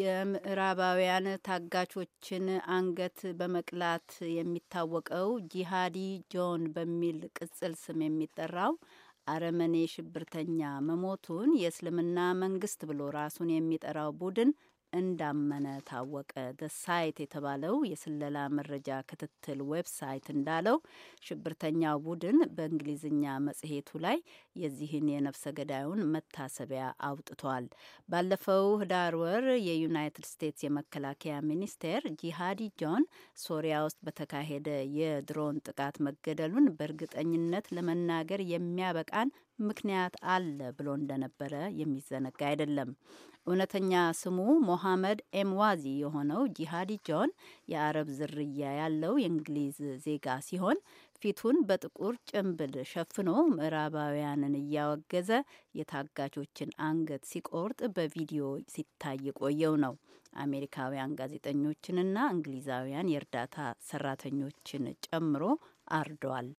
የምዕራባውያን ታጋቾችን አንገት በመቅላት የሚታወቀው ጂሃዲ ጆን በሚል ቅጽል ስም የሚጠራው አረመኔ ሽብርተኛ መሞቱን የእስልምና መንግስት ብሎ ራሱን የሚጠራው ቡድን እንዳመነ ታወቀ። ደ ሳይት የተባለው የስለላ መረጃ ክትትል ዌብሳይት እንዳለው ሽብርተኛው ቡድን በእንግሊዝኛ መጽሔቱ ላይ የዚህን የነፍሰ ገዳዩን መታሰቢያ አውጥቷል። ባለፈው ህዳር ወር የዩናይትድ ስቴትስ የመከላከያ ሚኒስቴር ጂሃዲ ጆን ሶሪያ ውስጥ በተካሄደ የድሮን ጥቃት መገደሉን በእርግጠኝነት ለመናገር የሚያበቃን ምክንያት አለ ብሎ እንደነበረ የሚዘነጋ አይደለም። እውነተኛ ስሙ ሞሐመድ ኤምዋዚ የሆነው ጂሃዲ ጆን የአረብ ዝርያ ያለው የእንግሊዝ ዜጋ ሲሆን ፊቱን በጥቁር ጭንብል ሸፍኖ ምዕራባውያንን እያወገዘ የታጋቾችን አንገት ሲቆርጥ በቪዲዮ ሲታይ የቆየው ነው። አሜሪካውያን ጋዜጠኞችንና እንግሊዛውያን የእርዳታ ሰራተኞችን ጨምሮ አርዷል።